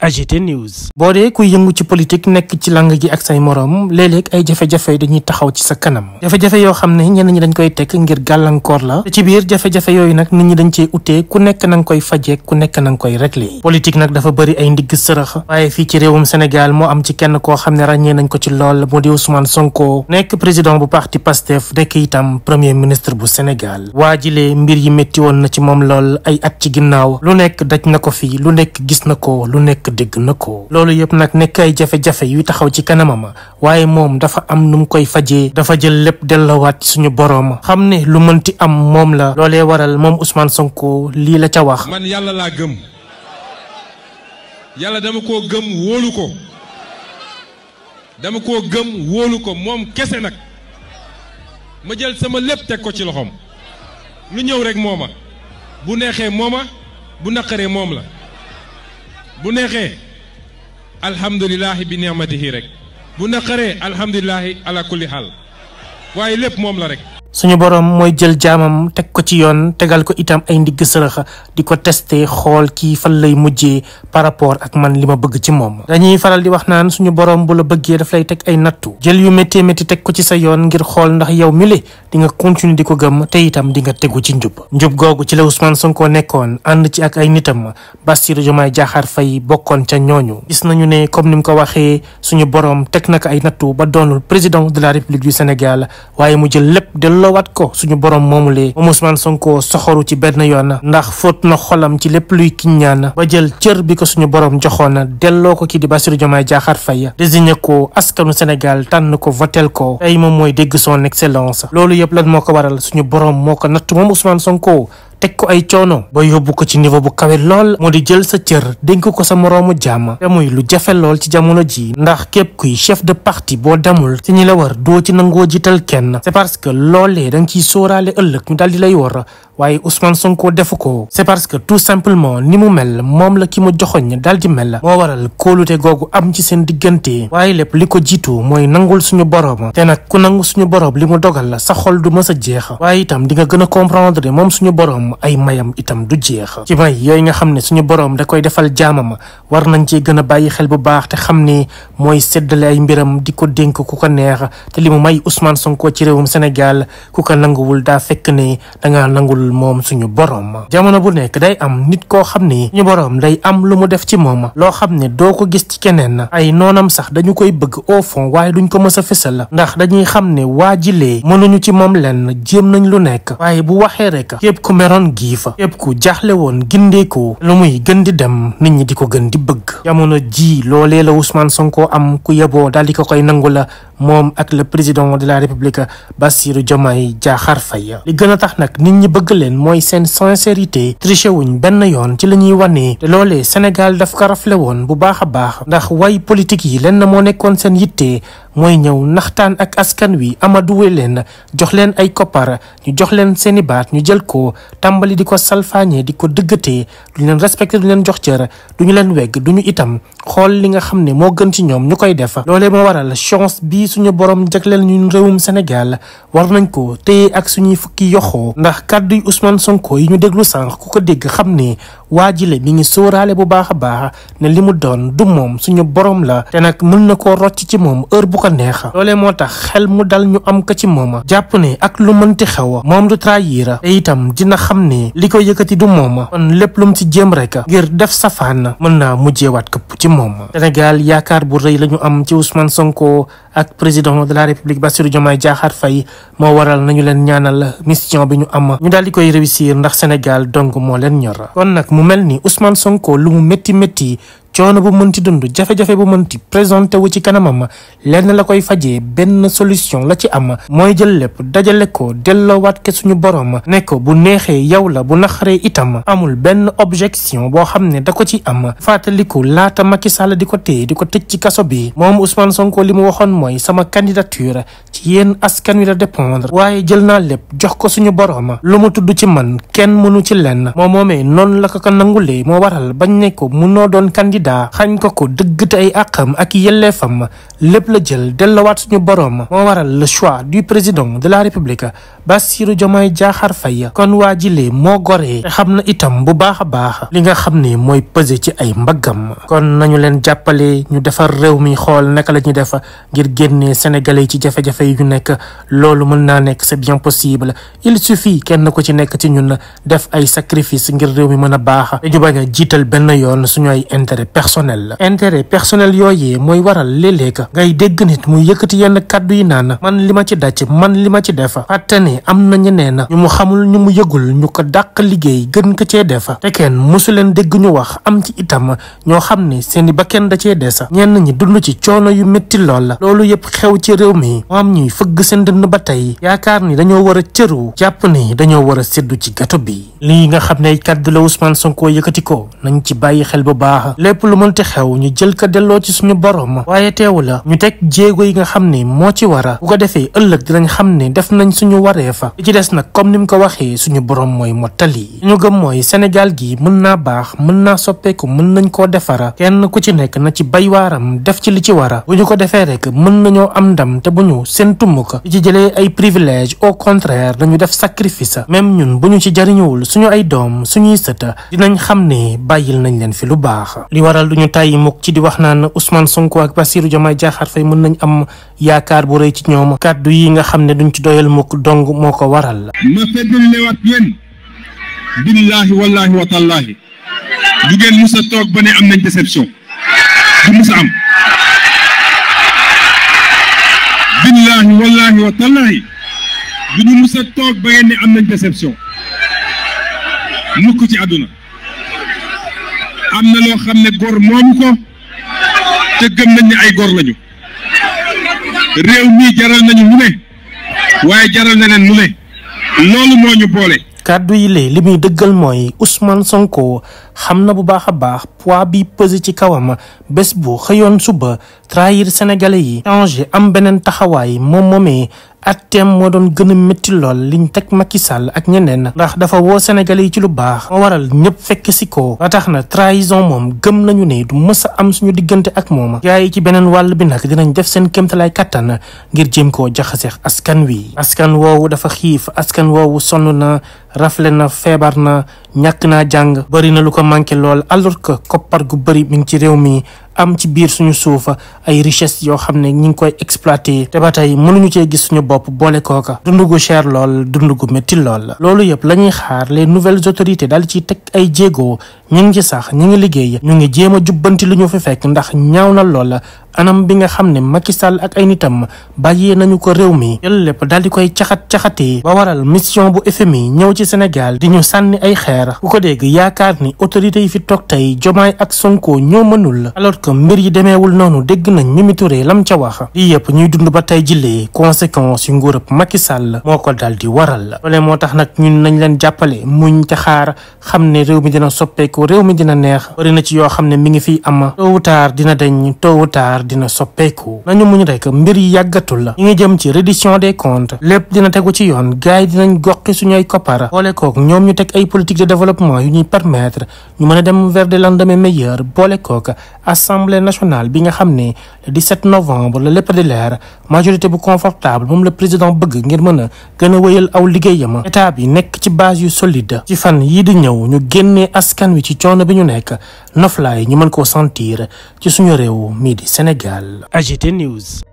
AGT News. boo dee kuy yëngu ci politique nekk ci lang gi ak say moroom léeg ay jafe-jafe dañuy taxaw ci sa kanam jafe-jafe yoo xam ne ñenn ñi dañ koy tekk ngir gàllankoor la ci biir jafe-jafe yooyu nag nit ñi dañ cee utee ku nekk na koy fajee ku nekk na nga koy réglé politique nag dafa bëri ay ndigg sërëx waaye fii ci réewum Sénégal moo am ci kenn koo xam ne ràññee nañ ko ci lool moo di Ousmane Sonko nekk président bu parti fu nekk itam premier ministre bu Sénégal waa jilee mbir yi métti woon na ci moom lool ay at ci ginnaaw lu nekk daj na ko fi lu nekk gis na ko lu nekk ñëpp dégg na ko loolu yépp nag nekk ay jafe-jafe yuy taxaw ci kanamama waaye moom dafa am nu mu koy faje dafa jël lépp dellawaat suñu boroom xam ne lu mënti am moom la loolee waral moom Ousmane Sonko lii la ca wax man yàlla laa gëm yàlla dama koo gëm wóolu ko dama koo gëm wóolu ko moom kese nag ma jël sama lépp teg ko ci loxoom lu ñëw rek mooma bu neexee mooma bu naqaree moom la bu neexee alhamdulilahi bi ni'matihi rek bu naqaree alhamdulilahi ala kulli xaal waaye lépp moom la rek suñu boroom mooy jël jaamam teg ko ci yoon tegal ko itam ay ndigg sërëxa di ko tester xool kii fan lay mujjee par rapport ak man li ma bëgg ci moom dañuy faral di wax naan suñu boroom bu la bëggee daf lay teg ay nattu jël yu métti métti teg ko ci sa yoon ngir xool ndax yow mi li di nga continuer di ko gëm te itam di nga tegu ci njub njub googu ci la Ousmane Sonko nekkoon ànd ci ak ay nitam Bassirou Diomaye Diakhar fay bokkoon ca ñooñu gis nañu ne comme ni mu ko waxee suñu boroom teg na ko ay nattu ba doonul président de la République du mu jël delloowaat ko suñu borom moomu lee moom Ousmane Sonko soxoru ci benn yoon ndax fóot na xolam ci lépp luy kiñ kiññaan ba jël cër bi ko suñu borom joxoon delloo ko kii di Bassirou Diomaye Diakhar Faye désigné ko askanu Sénégal tànn ko votel ko tey moom mooy dégg son excellence loolu yëpp lan moo ko waral suñu borom moo ko natt moom Ousmane Sonko teg ko ay coono ba yóbbu ko ci niveau bu kawe lool moo di jël sa cër dénk ko sa moroomu jàmm te muy lu jafe lool ci jamono ji ndax képp kuy chef de parti boo demul si ñi la war doo ci nangoo jiital kenn c'est parce que loolee da nga ciy sóoraale ëllëg ñu daal di lay war waaye Ousmane Sonko defu ko c'est parce que tout simplement ni mu mel moom la ki mu joxoñ daal di mel moo waral kóolute googu am ci seen diggante waaye lépp li ko jiitoo mooy nangul suñu boroom te nag ku nangu suñu boroom li mu dogal sa xol du mës a jeex waaye itam di nga gën a moom suñu boroom ay mayam itam du jeex ci may yooyu nga xam ne suñu boroom da koy defal jaamam war nañ ci gën a bàyyi xel bu baax te xam ni mooy seddale ay mbiram di ko dénk ku ko neex te li mu may Ousmane Sonko ci réewum Sénégal ku ko nanguwul daa da ngaa lool moom suñu borom jamono bu nekk day am nit koo xam ne ñu borom day am lu mu def ci moom loo xam ne doo ko gis ci keneen ay noonam sax dañu koy bëgg au fond waaye duñ ko mës a fësal ndax dañuy xam ne waa jilee mënuñu ci moom leen lenn jéem nañ lu nekk waaye bu waxee rek képp ku meroon gii fa képp ku jaxle woon gindeekoo lu muy gën di dem nit ñi di ko gën di bëgg jamono ji loolee la Ousmane Sonko am ku yeboo daal di ko koy nangu la moom ak le président de la république Bassirou Diomaye Diakhar Faye li gën a tax nag nit ñi bëgg leen mooy seen sincérité triché wuñ benn yoon ci la ñuy wane te loolee Sénégal daf ka raflé woon bu baax a baax ndax way politique yi lenn moo nekkoon seen yitte mooy ñëw naxtaan ak askan wi amaduwe leen jox leen ay koppar ñu jox leen seeni baat ñu jël ko tàmbali di ko salfaañe di ko dëggatee duñu leen respecté duñu leen jox cër duñu leen wegg duñu itam xool li nga xam ne moo gën ci ñoom ñu koy def loolee moo waral chance bi suñu borom jagleel ñun réewum Sénégal war nañ ko téye ak suñuy fukki yoxoo ndax kàddu Ousmane Sonko yi ñu déglu sànq ku ko dégg xam ne waa jile mi ngi sóoraale bu baax a baax ne li mu doon du moom suñu borom la te nag mën na koo rocc ci moom heure bu ko neex loolee moo tax xel mu dal ñu am ko ci mooma jàpp ne ak lu mënti xew moom du trahir te itam dina xam ne li ko yëkkati du mooma kon lépp lu mu ci jéem rek ngir def safaan mën naa mujjeewaat këpp ci moom Sénégal yaakaar bu rëy la am ci Ousmane Sonko ak président de la République Bassirou Diomaye Diakhar Faye moo waral nañu leen ñaanal mission bi ñu am ñu daal di koy réussir ndax Sénégal dong moo leen ñor kon mu mel ni Ousmane Sonko lu mu métti métti coono bu mënti dund jafe-jafe bu mënti présenté wu ci kanamam lenn la koy fajee benn solution la ci am mooy jël lépp dajale ko delloowaat ke suñu borom ne ko bu neexee yow la bu naxaree itam amul benn objection boo xam ne da ko ci am fàttaliku laata Macky Sall di ko téye di ko tëj ci kaso bi moom Ousmane Sonko li mu waxoon mooy sama candidature ci askan wi la dépendre waaye jël naa lépp jox ko suñu borooma lu mu tudd ci man kenn mënu ci lenn moo moomee noonu la ko ko nangulee moo waral bañ ne ko munoo doon candidat xañ ko ko dëgg te ay àqam ak yelleefam lépp la jël dellowaat suñu borooma moo waral le choix du président de la république Bassirou Diomaye Diakhar Faye kon waa jilee moo goree te xam na itam bu baax a baax li nga xam ne mooy pesé ci ay mbaggam kon nañu leen jàppale ñu defar réew mi xool naka la ñuy def ngir génne sénégalais ci jafe-jafe liggéey yu nekk loolu mën naa nekk c'est bien possible il suffit kenn ku ci nekk ci ñun na def ay sacrifice ngir réew mi mën a baax dañu bañ a jiital benn yoon suñu ay intérêt personnel intérêt personnel yooyee mooy waral léeg ngay dégg nit muy yëkkati yenn kàddu yi naan man li ma ci dacc man li ma ci def fàtte ne am na ñeneen ñu mu xamul ñu mu yëgul ñu ko dàq liggéey gën ko cee def te kenn mosu leen dégg ñu wax am ci itam ñoo xam ne seeni bakkan da cee des ñenn ñi dund ci coono yu métti lool loolu yëpp xew ci réew mi ñuy fëgg seen dënn ba tey yaakaar ni dañoo war a cëru jàpp ni dañoo war a séddu ci gato bi lii nga xam ne ay kàddu la Ousmane Sonko yëkkati ko nañ ci bàyyi xel bu baax lépp lu mënti xew ñu jël ko delloo ci suñu borom waaye teewu la ñu teg jéego yi nga xam ne moo ci war a ko defee ëllëg dinañ xam ne def nañ suñu waree fa li ci des nag comme ni mu ko waxee suñu borom mooy mottali ñu gëm mooy Sénégal gi mën naa baax mën naa soppeeku mën nañ koo defara kenn ku ci nekk na ci bay waaram def ci li ci wara bu ñu ko defee rek mën nañoo am ndam te bu ñu kenn tumm ko ci jëlee ay privilège au contraire dañu def sacrifice même ñun bu ñu ci jariñuwul suñu ay doom suñuy sëta dinañ xam ne bàyyil nañ leen fi lu baax li waral duñu tàyyi mukk ci di wax naan Ousmane Sonko ak Bassirou Diomaye Diakhar Faye mën nañ am yaakaar bu rëy ci ñoom kàddu yi nga xam ne duñ ci doyal mukk dong moo ko waral ma seddal lewaat yéen billaahi wallaahi wa tallaahi du ngeen a toog ba ne am nañ déception du mus billaahi wallaahi wa tallaahi du ñu mus a toog ba ngeen ne am nañ déception mukk ci àdduna am na loo xam ne góor moomu ko te gëm nañ ne ay góor lañu réew mii jaral nañu mu ne waaye jaral na leen mu ne loolu moo ñu boole kàddu yi lee li muy dëggal mooy Ousmane Sonko xam na bu baax a baax poids bi pesé ci kawam bés bu xëyoon suba trahir sénégalais yi changé am beneen taxawaay moom moomee atteem moo doon gën a métti lool liñ teg Macky sàll ak ñeneen ndax dafa woo sénégalais yi ci lu baax waral ñëpp fekk si ko ba tax na trahison moom gëm nañu ne du mës am suñu diggante ak moom gars yi ci beneen wàll bi nag dinañ def seen kéemtalaay kattan ngir jéem koo jaxaseex askan wi askan woowu dafa rafle na feebar na ñàkk naa jàng bëri na lu ko manqué lool alors que koppar gu bëri mi ngi ci réew mi am ci biir suñu suufa ay richesse yoo xam ne ñi ngi koy exploité te ba tey mënuñu cee gis suñu bopp boole kooka dund gu cher lool dund gu métti lool la loolu yëpp la ñuy xaar les nouvelles autorités daal ci teg ay jéego ñu ngi ci sax ñu ngi liggéey ñu ngi jéem a jubbanti lu ñu fi fekk ndax ñaaw na loola anam bi nga xam ne Macky Sall ak ay nitam bàyyee nañu ko réew mi lépp daal di koy caxat caxatee waral mission bu FMI ñëw ci Sénégal di ñu sànni ay xeer ku ko dégg yaakaar ni autorités yi fi toog tey Jomaay ak Sonko ñoo mënul alors que mbir yi demeewul noonu dégg nañ Mimi Touré lam ca wax lii yëpp ñuy dund ba tey jillee conséquence yu nguurub Macky Sall moo ko daal di waral loolee moo tax nag ñun nañ leen jàppale muñ te xaar xam ne réew mi dina soppeeku ko réew mi dina neex bëri na ci yoo xam ne mi ngi fiy am tôt ou tard dina dañ tôt ou tard dina soppeeku nañu muñ rek mbir yàggatul la ñu ngi jëm ci reddition des comptes lépp dina tegu ci yoon gars yi dinañ goqi suñuy koppara boole kook ñoom ñu teg ay politique de développement yu ñuy permettre ñu mën a dem vers des lendemains meilleurs boole kook assemblée nationale bi nga xam ne le novembre la lépp di leer majorité bu confortable moom la président bëgg ngir mën a gën a wéyal ci coono bi ñu nekk noflaay ñu mën koo sentir ci suñu réew mii di Sénégal AGT News